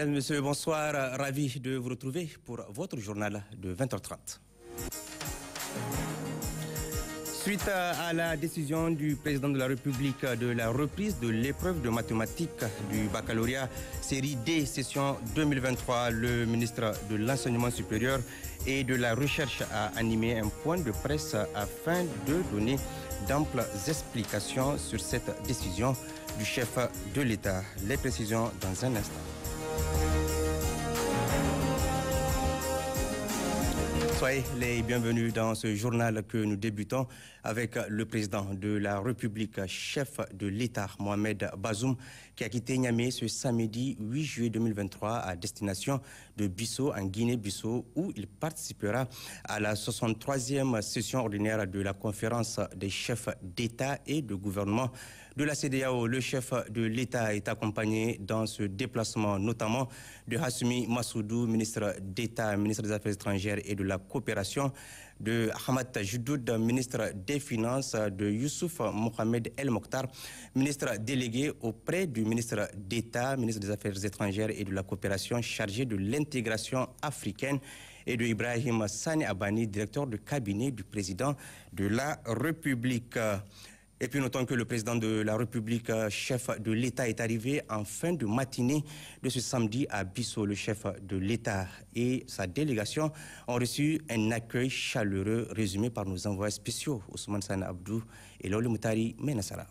Mesdames, Messieurs, bonsoir. Ravi de vous retrouver pour votre journal de 20h30. Suite à la décision du président de la République de la reprise de l'épreuve de mathématiques du baccalauréat série D session 2023, le ministre de l'Enseignement supérieur et de la Recherche a animé un point de presse afin de donner d'amples explications sur cette décision du chef de l'État. Les précisions dans un instant. Soyez les bienvenus dans ce journal que nous débutons avec le président de la République, chef de l'État, Mohamed Bazoum, qui a quitté Niamey ce samedi 8 juillet 2023 à destination de Bissau, en Guinée-Bissau, où il participera à la 63e session ordinaire de la conférence des chefs d'État et de gouvernement de la CDAO. Le chef de l'État est accompagné dans ce déplacement notamment de Hassoumi Massoudou, ministre d'État, ministre des Affaires étrangères et de la coopération, de Hamad Joudoud, ministre des Finances, de Youssouf Mohamed El Mokhtar, ministre délégué auprès du ministre d'État, ministre des Affaires étrangères et de la coopération, chargé de l'intégration africaine et de Ibrahim Sani Abani, directeur de cabinet du président de la République. Et puis notons que le président de la République, euh, chef de l'État, est arrivé en fin de matinée de ce samedi à Bissau. Le chef de l'État et sa délégation ont reçu un accueil chaleureux résumé par nos envois spéciaux, Ousmane San Abdou et Loli Moutari Menassara.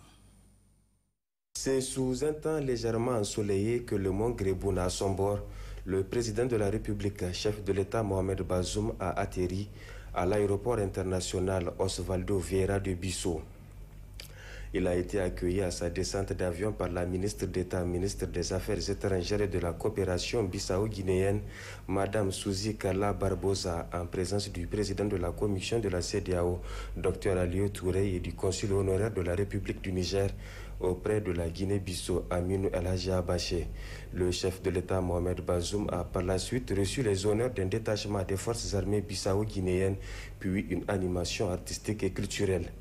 C'est sous un temps légèrement ensoleillé que le mont Grebuna à son bord, le président de la République, chef de l'État Mohamed Bazoum, a atterri à l'aéroport international Osvaldo Vieira de Bissau. Il a été accueilli à sa descente d'avion par la ministre d'État, ministre des Affaires étrangères et de la coopération bissau-guinéenne, Madame Suzy Carla Barbosa, en présence du président de la commission de la CDAO, Dr Alio Touré, et du consul honoraire de la République du Niger auprès de la Guinée-Bissau, Aminou El Le chef de l'État, Mohamed Bazoum, a par la suite reçu les honneurs d'un détachement des forces armées bissau-guinéennes, puis une animation artistique et culturelle.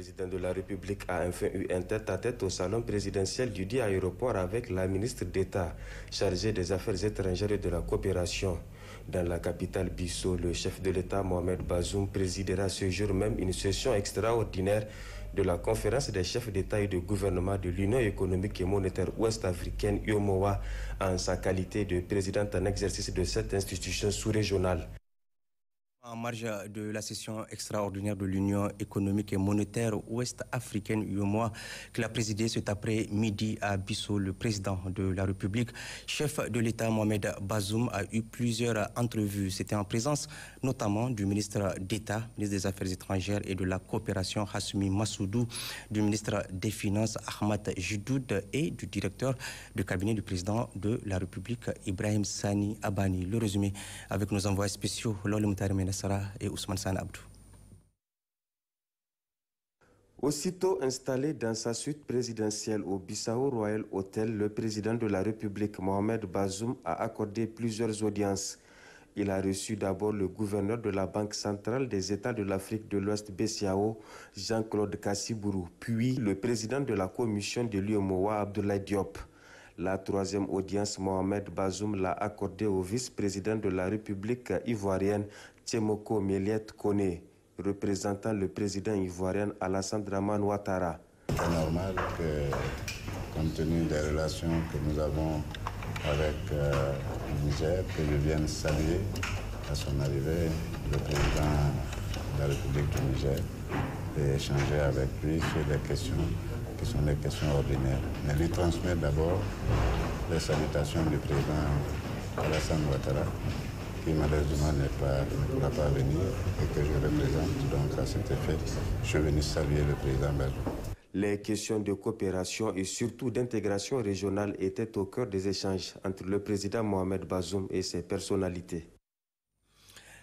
Le président de la République a enfin eu un tête-à-tête au salon présidentiel du dit aéroport avec la ministre d'État chargée des Affaires étrangères et de la coopération. Dans la capitale Bissau, le chef de l'État Mohamed Bazoum présidera ce jour même une session extraordinaire de la conférence des chefs d'État et de gouvernement de l'Union économique et monétaire ouest-africaine YOMOA, en sa qualité de présidente en exercice de cette institution sous-régionale. En marge de la session extraordinaire de l'Union économique et monétaire ouest-africaine UEMOA qui a présidé cet après-midi à Bissau, le président de la République, chef de l'État Mohamed Bazoum, a eu plusieurs entrevues. C'était en présence notamment du ministre d'État, ministre des Affaires étrangères et de la coopération Hassoumi Massoudou, du ministre des Finances Ahmad Jidoud et du directeur du cabinet du président de la République Ibrahim Sani Abani. Le résumé avec nos envois spéciaux, Lolo Sarah et Ousmane San Abdou. Aussitôt installé dans sa suite présidentielle au Bissau Royal Hotel, le président de la République Mohamed Bazoum a accordé plusieurs audiences. Il a reçu d'abord le gouverneur de la Banque centrale des États de l'Afrique de l'Ouest, BCAO, Jean-Claude Kassibourou, puis le président de la commission de l'UMOA, Abdoulaye Diop. La troisième audience, Mohamed Bazoum l'a accordée au vice-président de la République ivoirienne, Moko Meliette Kone, représentant le président ivoirien Alassane Draman Ouattara. C'est normal que, compte tenu des relations que nous avons avec euh, le Niger, que je vienne saluer à son arrivée le président de la République du Niger et échanger avec lui sur des questions qui sont des questions ordinaires. Mais lui transmettre d'abord les salutations du président Alassane Ouattara qui malheureusement ne pourra pas venir et que je représente. Donc à cet effet, je suis venu saluer le président Bazoum. Les questions de coopération et surtout d'intégration régionale étaient au cœur des échanges entre le président Mohamed Bazoum et ses personnalités.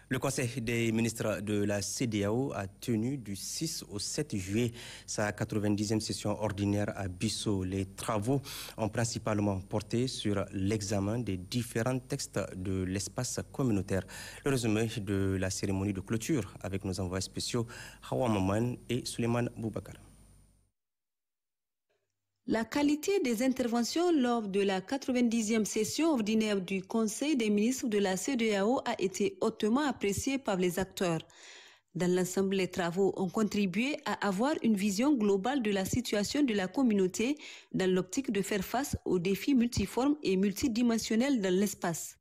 Le Conseil des ministres de la CDAO a tenu du 6 au 7 juillet sa 90e session ordinaire à Bissau. Les travaux ont principalement porté sur l'examen des différents textes de l'espace communautaire. Le résumé de la cérémonie de clôture avec nos envois spéciaux Hawa Maman et Suleiman Boubakar. La qualité des interventions lors de la 90e session ordinaire du Conseil des ministres de la CEDEAO a été hautement appréciée par les acteurs. Dans l'ensemble, les travaux ont contribué à avoir une vision globale de la situation de la communauté dans l'optique de faire face aux défis multiformes et multidimensionnels dans l'espace.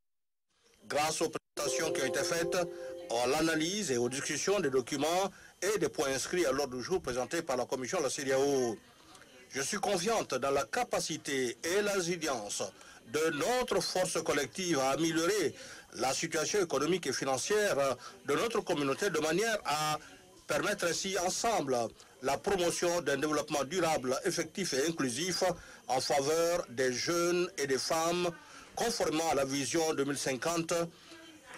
Grâce aux présentations qui ont été faites, à l'analyse et aux discussions des documents et des points inscrits à l'ordre du jour présentés par la Commission de la CEDEAO, je suis confiante dans la capacité et la résilience de notre force collective à améliorer la situation économique et financière de notre communauté de manière à permettre ainsi ensemble la promotion d'un développement durable, effectif et inclusif en faveur des jeunes et des femmes, conformément à la vision 2050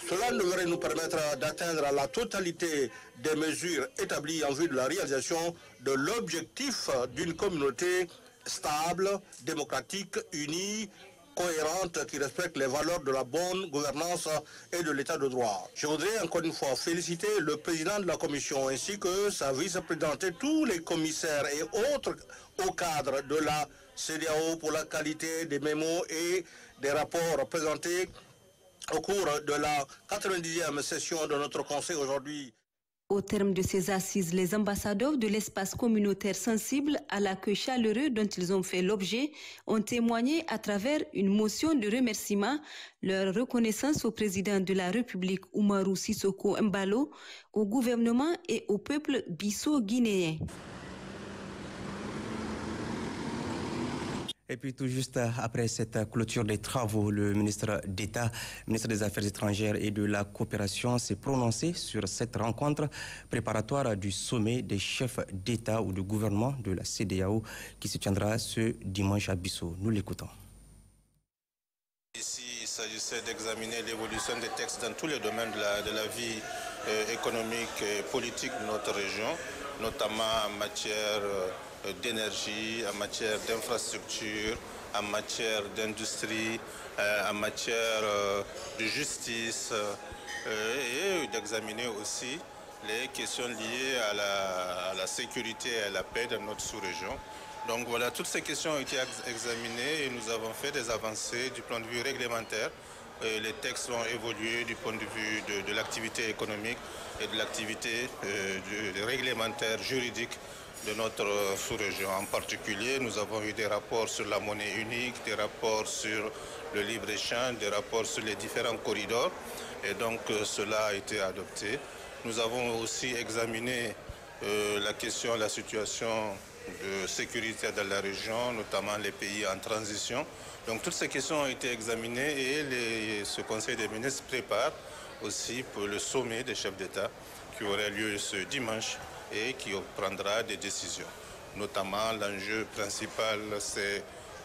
cela devrait nous permettre d'atteindre la totalité des mesures établies en vue de la réalisation de l'objectif d'une communauté stable, démocratique, unie, cohérente, qui respecte les valeurs de la bonne gouvernance et de l'état de droit. Je voudrais encore une fois féliciter le président de la commission ainsi que sa vice-présidente et tous les commissaires et autres au cadre de la CDAO pour la qualité des mémos et des rapports présentés au cours de la 90e session de notre Conseil aujourd'hui. Au terme de ces assises, les ambassadeurs de l'espace communautaire sensible à la queue chaleureux dont ils ont fait l'objet ont témoigné à travers une motion de remerciement leur reconnaissance au président de la République Oumarou Sissoko Mbalo, au gouvernement et au peuple bissau guinéen Et puis tout juste euh, après cette euh, clôture des travaux, le ministre d'État, ministre des Affaires étrangères et de la coopération s'est prononcé sur cette rencontre préparatoire du sommet des chefs d'État ou du gouvernement de la CDAO qui se tiendra ce dimanche à Bissau. Nous l'écoutons. Ici, il s'agissait d'examiner l'évolution des textes dans tous les domaines de la, vie euh, économique et politique de notre région, notamment en matière d'énergie, en matière d'infrastructure, en matière d'industrie, euh, en matière euh, de justice euh, et d'examiner aussi les questions liées à la, sécurité et à la paix dans notre sous-région. Donc voilà, toutes ces questions ont été examinées et nous avons fait des avancées du point de vue réglementaire. les textes ont évolué du point de vue de, l'activité économique et de l'activité réglementaire juridique de notre sous-région. En particulier, nous avons eu des rapports sur la monnaie unique, des rapports sur le libre-échange, des rapports sur les différents corridors. Et donc, euh, cela a été adopté. Nous avons aussi examiné euh, la question, la situation de sécurité dans la région, notamment les pays en transition. Donc toutes ces questions ont été examinées et ce Conseil des ministres prépare aussi pour le sommet des chefs d'État qui aura lieu ce dimanche et qui prendra des décisions. Notamment, l'enjeu principal, c'est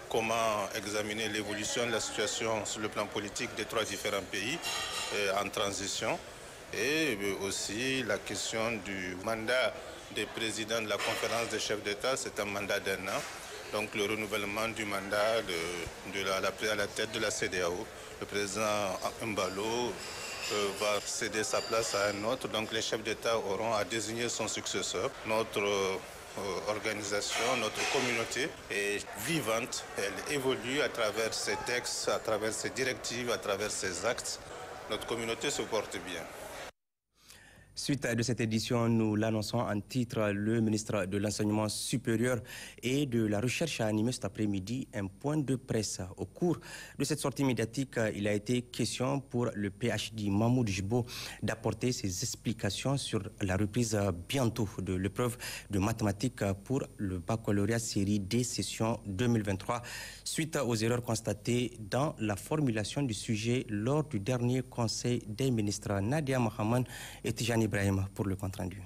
comment examiner l'évolution de la situation sur le plan politique des trois différents pays euh, en transition et euh, aussi la question du mandat des présidents de la conférence des chefs d'État, c'est un mandat d'un an. Donc le renouvellement du mandat à la tête de la CDAO, le président Mbalo euh, va céder sa place à un autre. Donc les chefs d'État auront à désigner son successeur. Notre euh, organisation, notre communauté est vivante, elle évolue à travers ses textes, à travers ses directives, à travers ses actes. Notre communauté se porte bien. Suite de cette édition, nous l'annonçons en titre, le ministre de l'Enseignement supérieur et de la Recherche a animé cet après-midi un point de presse. Au cours de cette sortie médiatique, il a été question pour le PhD Mahmoud Jibo d'apporter ses explications sur la reprise bientôt de l'épreuve de mathématiques pour le baccalauréat série D session 2023 suite aux erreurs constatées dans la formulation du sujet lors du dernier conseil des ministres. Nadia Mohamed et Tijani Ibrahim pour le compte-rendu.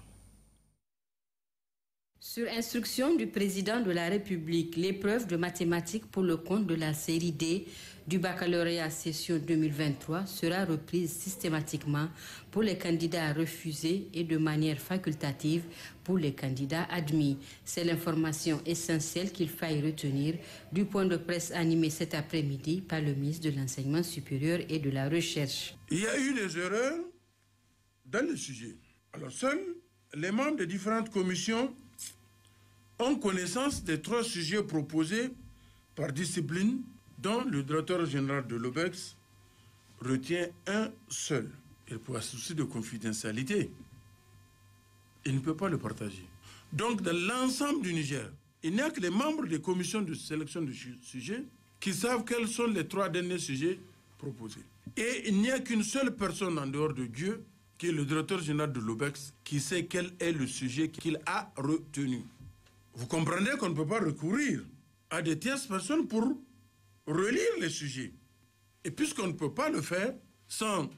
Sur instruction du président de la République, l'épreuve de mathématiques pour le compte de la série D du baccalauréat session 2023 sera reprise systématiquement pour les candidats refusés et de manière facultative pour les candidats admis. C'est l'information essentielle qu'il faille retenir du point de presse animé cet après-midi par le ministre de l'Enseignement supérieur et de la Recherche. Il y a eu des erreurs dans le sujet. Alors seuls les membres des différentes commissions ont connaissance des trois sujets proposés par discipline dont le directeur général de l'OBEX retient un seul. Et pour un souci de confidentialité, il ne peut pas le partager. Donc, dans l'ensemble du Niger, il n'y a que les membres des commissions de sélection de sujets qui savent quels sont les trois derniers sujets proposés. Et il n'y a qu'une seule personne en dehors de Dieu qui est le directeur général de l'OBEX, qui sait quel est le sujet qu'il a retenu. Vous comprenez qu'on ne peut pas recourir à des tierces personnes pour relire les sujets. Et puisqu'on ne peut pas le faire sans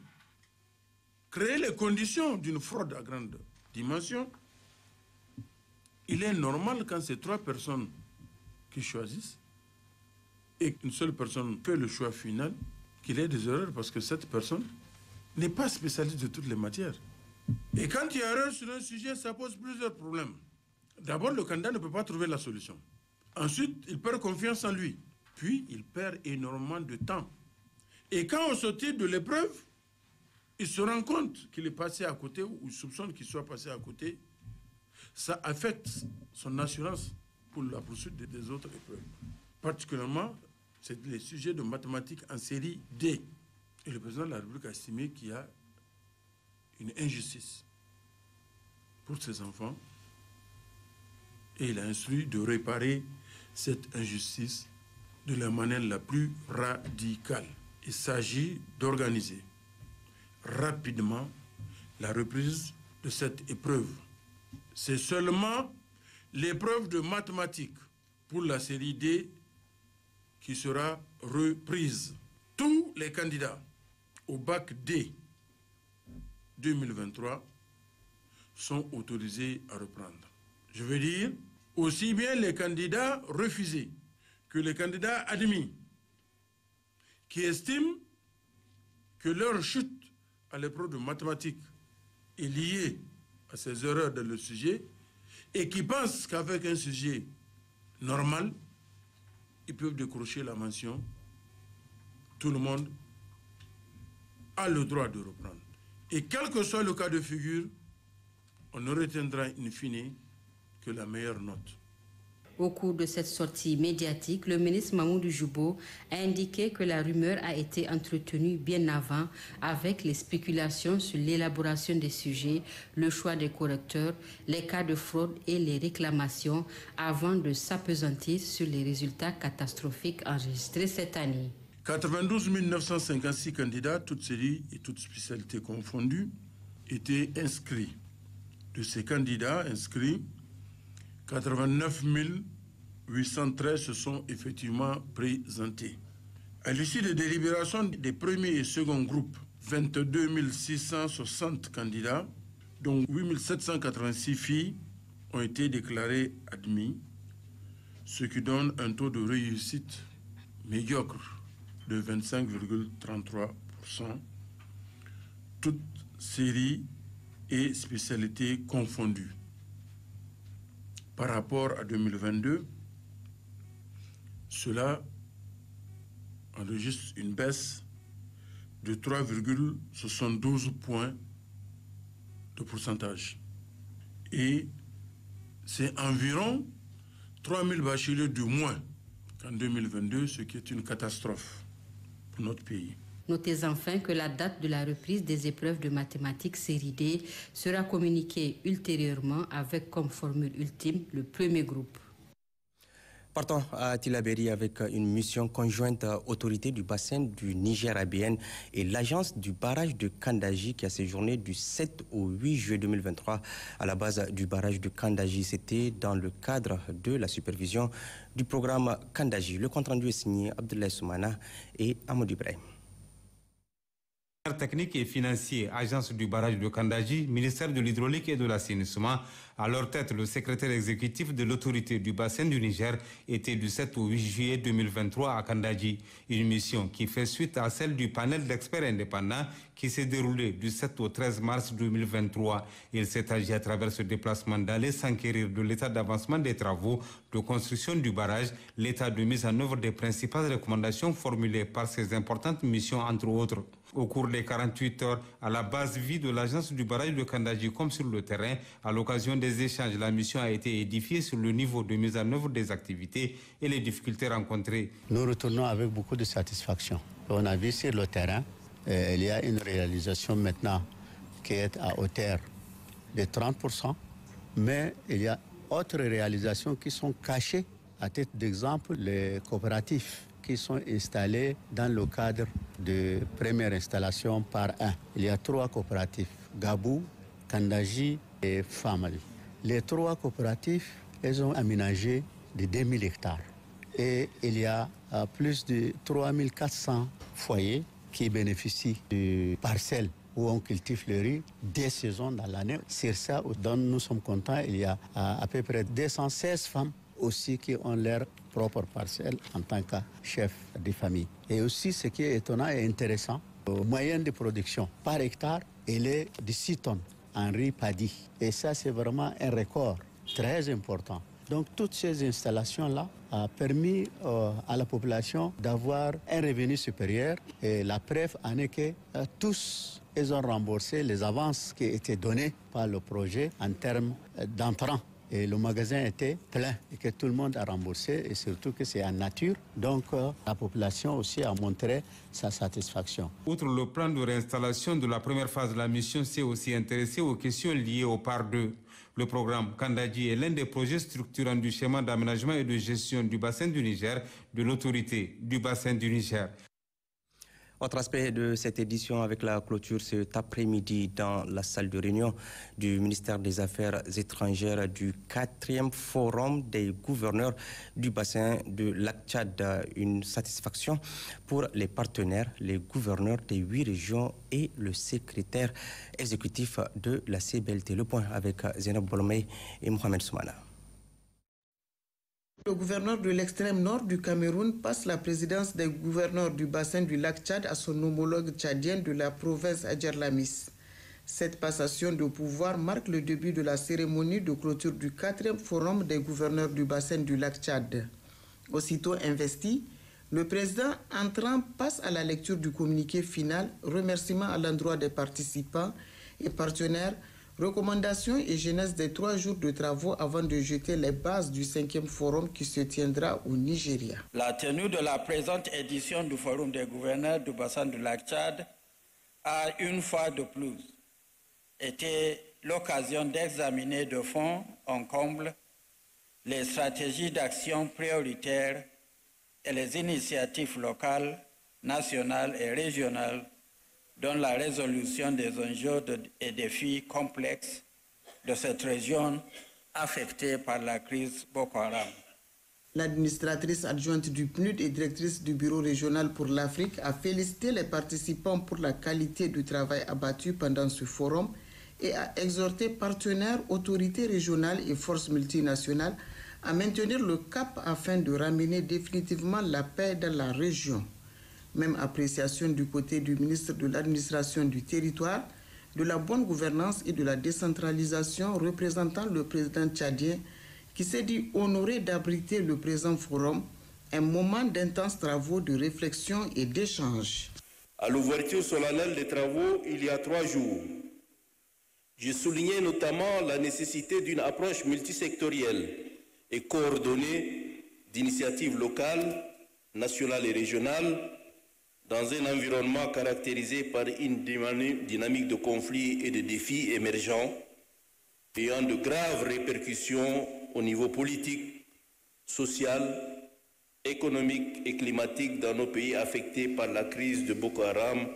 créer les conditions d'une fraude à grande dimension, il est normal quand c'est trois personnes qui choisissent et qu'une seule personne fait le choix final, qu'il ait des erreurs parce que cette personne n'est pas spécialiste de toutes les matières. Et quand il y a erreur sur un sujet, ça pose plusieurs problèmes. D'abord, le candidat ne peut pas trouver la solution. Ensuite, il perd confiance en lui. Puis, il perd énormément de temps. Et quand on sortit de l'épreuve, il se rend compte qu'il est passé à côté ou il soupçonne qu'il soit passé à côté. Ça affecte son assurance pour la poursuite des autres épreuves. Particulièrement, c'est les sujets de mathématiques en série D. Et le président de la République a estimé qu'il y a une injustice pour ses enfants. Et il a instruit de réparer cette injustice de la manière la plus radicale. Il s'agit d'organiser rapidement la reprise de cette épreuve. C'est seulement l'épreuve de mathématiques pour la série D qui sera reprise. Tous les candidats au bac D 2023 sont autorisés à reprendre. Je veux dire, aussi bien les candidats refusés que les candidats admis, qui estiment que leur chute à l'épreuve de mathématiques est liée à ces erreurs dans le sujet et qui pensent qu'avec un sujet normal, ils peuvent décrocher la mention. Tout le monde le droit de reprendre. Et quel que soit le cas de figure, on ne retiendra in fine que la meilleure note. Au cours de cette sortie médiatique, le ministre Mamoudou Joubo a indiqué que la rumeur a été entretenue bien avant avec les spéculations sur l'élaboration des sujets, le choix des correcteurs, les cas de fraude et les réclamations avant de s'apesantir sur les résultats catastrophiques enregistrés cette année. 92 956 candidats, toutes séries et toutes spécialités confondues, étaient inscrits. De ces candidats inscrits, 89 813 se sont effectivement présentés. À l'issue des délibérations des premiers et seconds groupes, 22 660 candidats, dont 8 786 filles, ont été déclarés admis, ce qui donne un taux de réussite médiocre de 25,33%, toutes séries et spécialités confondues. Par rapport à 2022, cela enregistre une baisse de 3,72 points de pourcentage. Et c'est environ 3000 bacheliers de moins qu'en 2022, ce qui est une catastrophe notre pays. Notez enfin que la date de la reprise des épreuves de mathématiques série D sera communiquée ultérieurement avec comme formule ultime le premier groupe. Partons à Tilaberi avec euh, une mission conjointe euh, autorité du bassin du Niger ABN et l'agence du barrage de Kandaji qui a séjourné du 7 au 8 juillet 2023 à la base du barrage de Kandaji. C'était dans le cadre de la supervision du programme Kandaji. Le compte-rendu est signé Abdoulaye Soumana et Amadou Ibrahim technique et financier, agence du barrage de Kandaji, ministère de l'hydraulique et de l'assainissement. À leur tête, le secrétaire exécutif de l'autorité du bassin du Niger était du 7 au 8 juillet 2023 à Kandaji. Une mission qui fait suite à celle du panel d'experts indépendants qui s'est déroulé du 7 au 13 mars 2023. Il s'est agi à travers ce déplacement d'aller s'enquérir de l'état d'avancement des travaux de construction du barrage, l'état de mise en œuvre des principales recommandations formulées par ces importantes missions, entre autres au cours des 48 heures à la base vie de l'agence du barrage de Kandaji comme sur le terrain. À l'occasion des échanges, la mission a été édifiée sur le niveau de mise en œuvre des activités et les difficultés rencontrées. Nous retournons avec beaucoup de satisfaction. On a vu sur le terrain, euh, il y a une réalisation maintenant qui est à hauteur de 30%, mais il y a autres réalisations qui sont cachées. À titre d'exemple, les coopératifs qui sont installés dans le cadre de première installation par un. Il y a trois coopératives, Gabou, Kandaji et Famali. Les trois coopératives, elles ont aménagé de 2000 hectares. Et il y a euh, plus de 3400 foyers qui bénéficient de parcelles où on cultive le riz des saisons dans l'année. c'est ça, dont nous sommes contents, il y a euh, à peu près 216 femmes aussi qui ont leur propre parcelle en tant que chef de famille. Et aussi, ce qui est étonnant et intéressant, le moyen de production par hectare, il est de 6 tonnes en riz paddy. Et ça, c'est vraiment un record très important. Donc toutes ces installations-là ont permis euh, à la population d'avoir un revenu supérieur et la preuve en est que euh, tous, ils ont remboursé les avances qui étaient données par le projet en termes euh, d'entrants et le magasin était plein et que tout le monde a remboursé et surtout que c'est en nature. Donc euh, la population aussi a montré sa satisfaction. Outre le plan de réinstallation de la première phase, la mission s'est aussi intéressée aux questions liées au par deux Le programme Kandadji est l'un des projets structurants du schéma d'aménagement et de gestion du bassin du Niger de l'autorité du bassin du Niger. Autre aspect de cette édition avec la clôture cet après-midi dans la salle de réunion du ministère des Affaires étrangères du quatrième Forum des gouverneurs du bassin de lac Tchad. Une satisfaction pour les partenaires, les gouverneurs des huit régions et le secrétaire exécutif de la CBLT. Le point avec Zénob Bolomé et Mohamed Soumana. Le gouverneur de l'extrême nord du Cameroun passe la présidence des gouverneurs du bassin du lac Tchad à son homologue tchadien de la province Adjerlamis. Lamis. Cette passation de pouvoir marque le début de la cérémonie de clôture du quatrième forum des gouverneurs du bassin du lac Tchad. Aussitôt investi, le président entrant passe à la lecture du communiqué final, remerciement à l'endroit des participants et partenaires Recommandations et jeunesse des trois jours de travaux avant de jeter les bases du cinquième forum qui se tiendra au Nigeria. La tenue de la présente édition du Forum des gouverneurs du bassin de lac Tchad a une fois de plus été l'occasion d'examiner de fond en comble les stratégies d'action prioritaires et les initiatives locales, nationales et régionales dans la résolution des enjeux et défis complexes de cette région affectée par la crise Boko Haram. L'administratrice adjointe du PNUD et directrice du Bureau régional pour l'Afrique a félicité les participants pour la qualité du travail abattu pendant ce forum et a exhorté partenaires, autorités régionales et forces multinationales à maintenir le cap afin de ramener définitivement la paix dans la région. Même appréciation du côté du ministre de l'Administration du Territoire, de la bonne gouvernance et de la décentralisation représentant le président tchadien qui s'est dit honoré d'abriter le présent forum, un moment d'intenses travaux de réflexion et d'échange. À l'ouverture solennelle des travaux, il y a trois jours, j'ai souligné notamment la nécessité d'une approche multisectorielle et coordonnée d'initiatives locales, nationales et régionales dans un environnement caractérisé par une dynamique de conflits et de défis émergents, ayant de graves répercussions au niveau politique, social, économique et climatique dans nos pays affectés par la crise de Boko Haram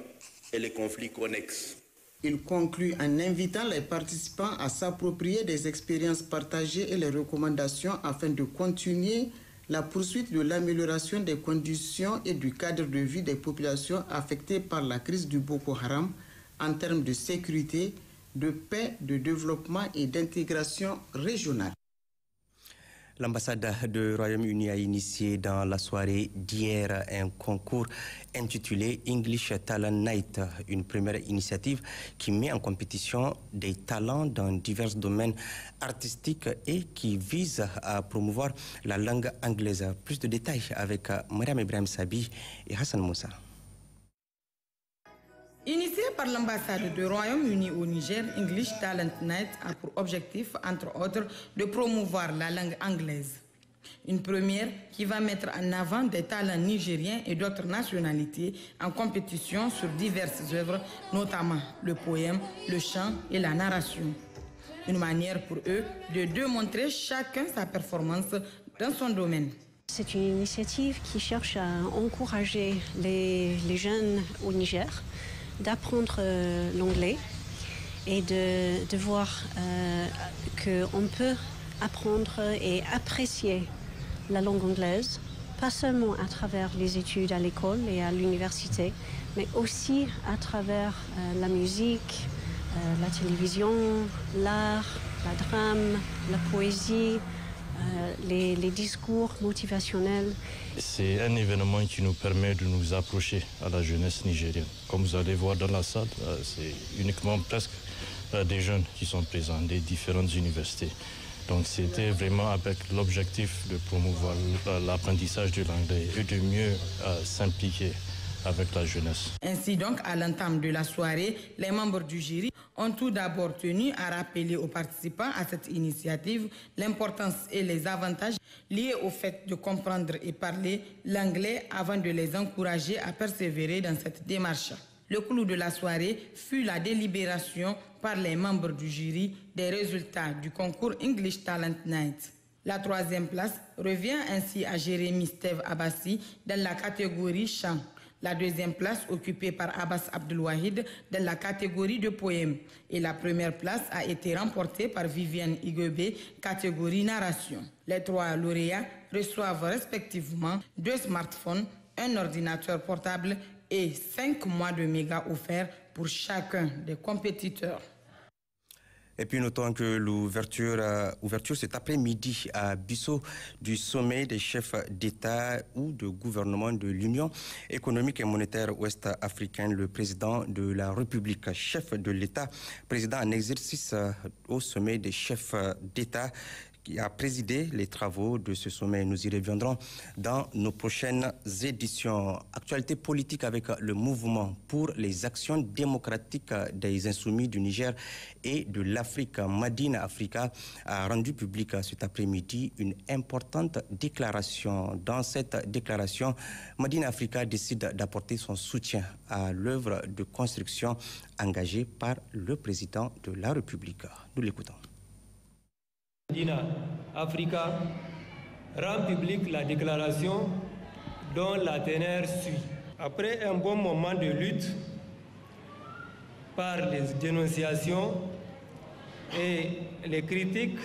et les conflits connexes. Il conclut en invitant les participants à s'approprier des expériences partagées et les recommandations afin de continuer la poursuite de l'amélioration des conditions et du cadre de vie des populations affectées par la crise du Boko Haram en termes de sécurité, de paix, de développement et d'intégration régionale. L'ambassade du Royaume-Uni a initié dans la soirée d'hier un concours intitulé English Talent Night, une première initiative qui met en compétition des talents dans divers domaines artistiques et qui vise à promouvoir la langue anglaise. Plus de détails avec Mme Ibrahim Sabi et Hassan Moussa. Initié par l'ambassade du Royaume-Uni au Niger, English Talent Night a pour objectif, entre autres, de promouvoir la langue anglaise. Une première qui va mettre en avant des talents nigériens et d'autres nationalités en compétition sur diverses œuvres, notamment le poème, le chant et la narration. Une manière pour eux de démontrer chacun sa performance dans son domaine. C'est une initiative qui cherche à encourager les jeunes au Niger d'apprendre euh, l'anglais et de, de voir euh, qu'on peut apprendre et apprécier la langue anglaise, pas seulement à travers les études à l'école et à l'université, mais aussi à travers euh, la musique, la télévision, l'art, la drame, la poésie, euh, les, discours motivationnels. C'est un événement qui nous permet de nous approcher à la jeunesse nigérienne. Comme vous allez voir dans la salle, euh, c'est uniquement presque euh, des jeunes qui sont présents des différentes universités. Donc c'était vraiment avec l'objectif de promouvoir l'apprentissage de l'anglais et de mieux s'impliquer avec la jeunesse. Ainsi donc, à l'entame de la soirée, les membres du jury ont tout d'abord tenu à rappeler aux participants à cette initiative l'importance et les avantages liés au fait de comprendre et parler l'anglais avant de les encourager à persévérer dans cette démarche. Le clou de la soirée fut la délibération par les membres du jury des résultats du concours English Talent Night. La troisième place revient ainsi à Jérémy Steve Abassi dans la catégorie chant la deuxième place occupée par Abbas Abdelwahid dans la catégorie de poèmes et la première place a été remportée par Vivienne Iguebe, catégorie narration. Les trois lauréats reçoivent respectivement deux smartphones, un ordinateur portable et cinq mois de méga offerts pour chacun des compétiteurs. Et puis notons que l'ouverture euh, ouverture cet après-midi à Bissau du sommet des chefs d'État ou de gouvernement de l'Union économique et monétaire ouest-africaine, le président de la République, chef de l'État, président en exercice euh, au sommet des chefs d'État, qui a présidé les travaux de ce sommet. Nous y reviendrons dans nos prochaines éditions. Actualité politique avec le mouvement pour les actions démocratiques des insoumis du Niger et de l'Afrique. Madine Africa a rendu public cet après-midi une importante déclaration. Dans cette déclaration, Madine Africa décide d'apporter son soutien à l'œuvre de construction engagée par le président de la République. Nous l'écoutons. Medina Africa rend publique la déclaration dont la teneur suit. Après un bon moment de lutte par les dénonciations et les critiques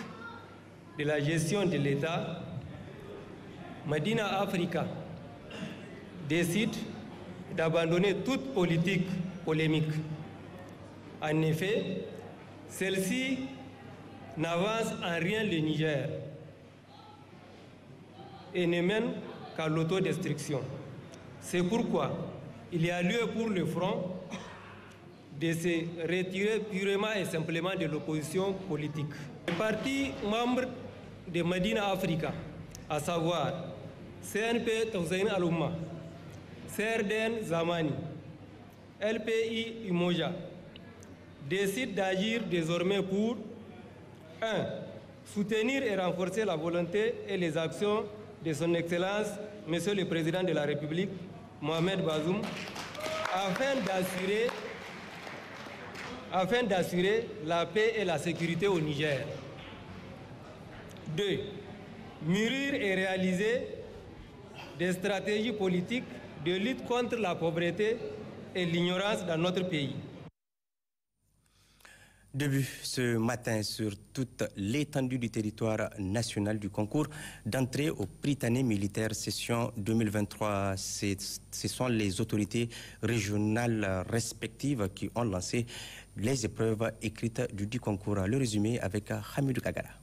de la gestion de l'État, Medina Africa décide d'abandonner toute politique polémique. En effet, celle-ci n'avance en rien le Niger et ne mène qu'à l'autodestruction. C'est pourquoi il y a lieu pour le Front de se retirer purement et simplement de l'opposition politique. Les partis membres de Medina Africa, à savoir CNP Tawzain Alouma, CRDN Zamani, LPI Imoja, décident d'agir désormais pour 1. Soutenir et renforcer la volonté et les actions de Son Excellence, Monsieur le Président de la République, Mohamed Bazoum, afin d'assurer la paix et la sécurité au Niger. 2. Mûrir et réaliser des stratégies politiques de lutte contre la pauvreté et l'ignorance dans notre pays. Début ce matin sur toute l'étendue du territoire national du concours d'entrée au Britannique militaire session 2023. Ce sont les autorités régionales respectives qui ont lancé les épreuves écrites du, concours. Le résumé avec Hamidou Kagala.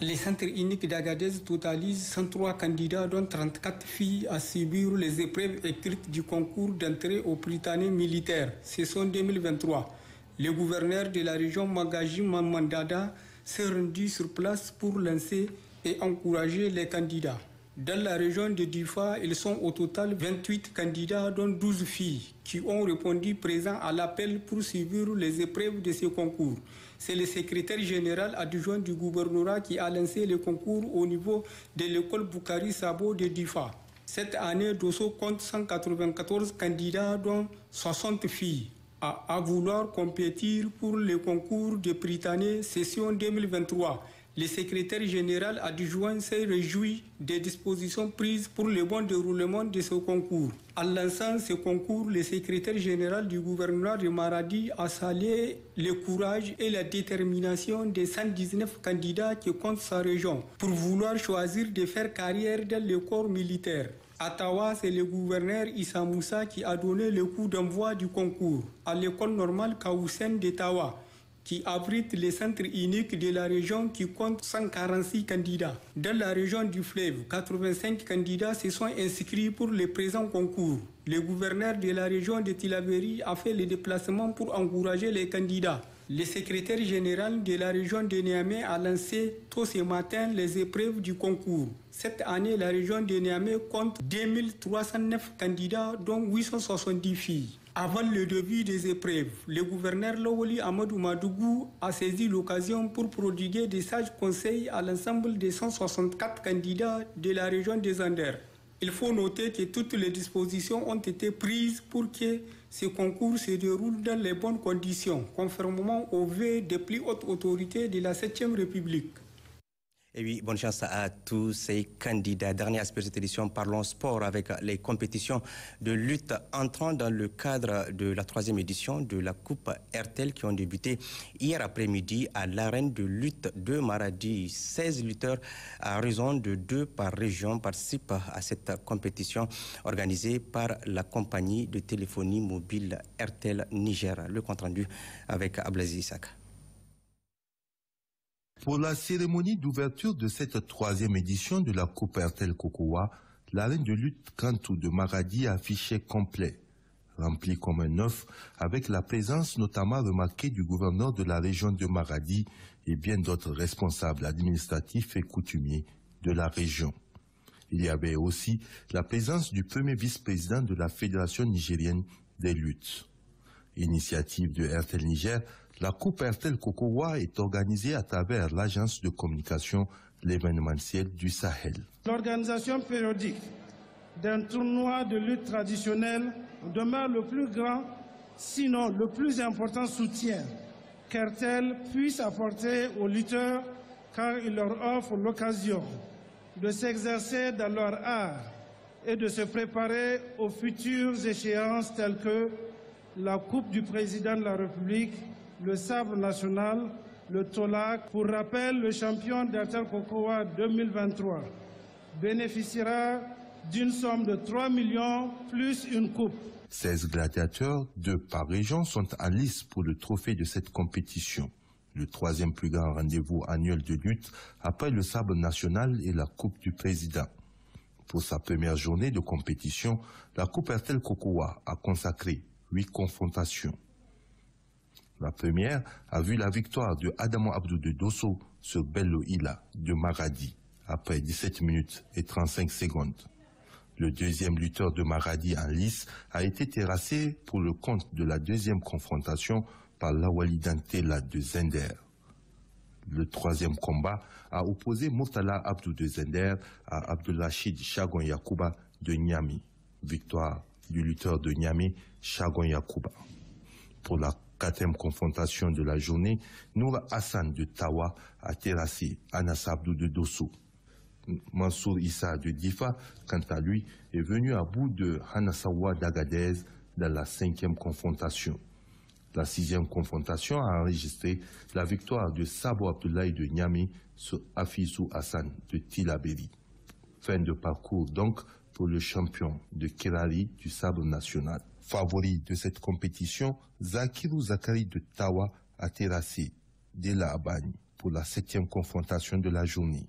Les centres uniques d'Agadez totalisent 103 candidats, dont 34 filles, à subir les épreuves écrites du concours d'entrée au Britannique militaire, sont 2023. Le gouverneur de la région Magaji Mamandada s'est rendu sur place pour lancer et encourager les candidats. Dans la région de Difa, ils sont au total 28 candidats, dont 12 filles, qui ont répondu présents à l'appel pour suivre les épreuves de ce concours. C'est le secrétaire général adjoint du gouvernorat qui a lancé le concours au niveau de l'école Bukhari Sabo de Difa. Cette année, Dosso compte 194 candidats, dont 60 filles, à, vouloir compétir pour le concours de Britannique session 2023. Le secrétaire général adjoint s'est réjoui des dispositions prises pour le bon déroulement de ce concours. En lançant ce concours, le secrétaire général du gouverneur de Maradi a salué le courage et la détermination des 119 candidats qui comptent sa région pour vouloir choisir de faire carrière dans le corps militaire. Tawa, c'est le gouverneur Issa Moussa qui a donné le coup d'envoi du concours à l'école normale de Tawa qui abrite les centres uniques de la région qui compte 146 candidats. Dans la région du fleuve, 85 candidats se sont inscrits pour les présents concours. Le gouverneur de la région de Tilaveri a fait le déplacement pour encourager les candidats. Le secrétaire général de la région de Niamey a lancé tôt ce matin les épreuves du concours. Cette année, la région de Niamey compte 2309 candidats, dont 870 filles. Avant le début des épreuves, le gouverneur Lowoli Amadou Madougou a saisi l'occasion pour prodiguer des sages conseils à l'ensemble des 164 candidats de la région des Anders. Il faut noter que toutes les dispositions ont été prises pour que ce concours se déroule dans les bonnes conditions, conformément aux vœux des plus hautes autorités de la 7e République. Et oui, bonne chance à tous ces candidats. Dernier aspect de cette édition, parlons sport avec les compétitions de lutte entrant dans le cadre de la troisième édition de la Coupe RTL qui ont débuté hier après-midi à l'arène de lutte de Maradi. 16 lutteurs à raison de deux par région participent à cette compétition organisée par la compagnie de téléphonie mobile RTL Niger. Le compte rendu avec Ablazi Isaka. Pour la cérémonie d'ouverture de cette troisième édition de la Coupe Ertel Kokowa, l'arène de lutte Kantou de Maradi affichait complet, rempli comme un œuf, avec la présence notamment remarquée du gouverneur de la région de Maradi et bien d'autres responsables administratifs et coutumiers de la région. Il y avait aussi la présence du premier vice-président de la Fédération nigérienne des luttes. Initiative de RTL Niger, la Coupe RTL Kokowa est organisée à travers l'agence de communication l'événementiel du Sahel. L'organisation périodique d'un tournoi de lutte traditionnelle demeure le plus grand, sinon le plus important soutien qu'RTL puisse apporter aux lutteurs car il leur offre l'occasion de s'exercer dans leur art et de se préparer aux futures échéances telles que la Coupe du Président de la République, le sabre national, le TOLAC. Pour rappel, le champion d'Artel Cocoa 2023 bénéficiera d'une somme de 3 millions plus une coupe. 16 gladiateurs de par région sont en lice pour le trophée de cette compétition. Le troisième plus grand rendez-vous annuel de lutte après le sabre national et la Coupe du Président. Pour sa première journée de compétition, la Coupe hertel Cocoa a consacré 8 confrontations. La première a vu la victoire de Adamo Abdou de Dosso sur Bello Ila de Maradi après 17 minutes et 35 secondes. Le deuxième lutteur de Maradi en lice a été terrassé pour le compte de la deuxième confrontation par Lawali la de Zender. Le troisième combat a opposé Murtala Abdou de Zender à Shid Chagon Yakuba de Niami. Victoire du lutteur de Niami, Chagon Yakuba. Pour la quatrième confrontation de la journée, Nour Hassan de Tawa a terrassé Anas de Dosso. Mansour Issa de Difa, quant à lui, est venu à bout de Hanasawa d'Agadez dans la cinquième confrontation. La sixième confrontation a enregistré la victoire de Sabo Abdoulaye de Niamey sur Afisou Hassan de Tilaberi. Fin de parcours donc pour le champion de Kerali du sabre national. Favori de cette compétition, Zakirou Zakari de Tawa a terrassé Dela Abagne pour la septième confrontation de la journée.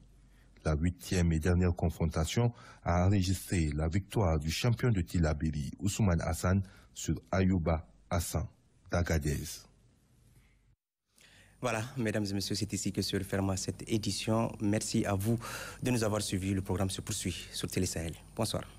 La huitième et dernière confrontation a enregistré la victoire du champion de Tilabiri, Ousmane Hassan, sur Ayouba Hassan d'Agadez. Voilà, mesdames et messieurs, c'est ici que se referme cette édition. Merci à vous de nous avoir suivis. Le programme se poursuit sur Télé Sahel. Bonsoir.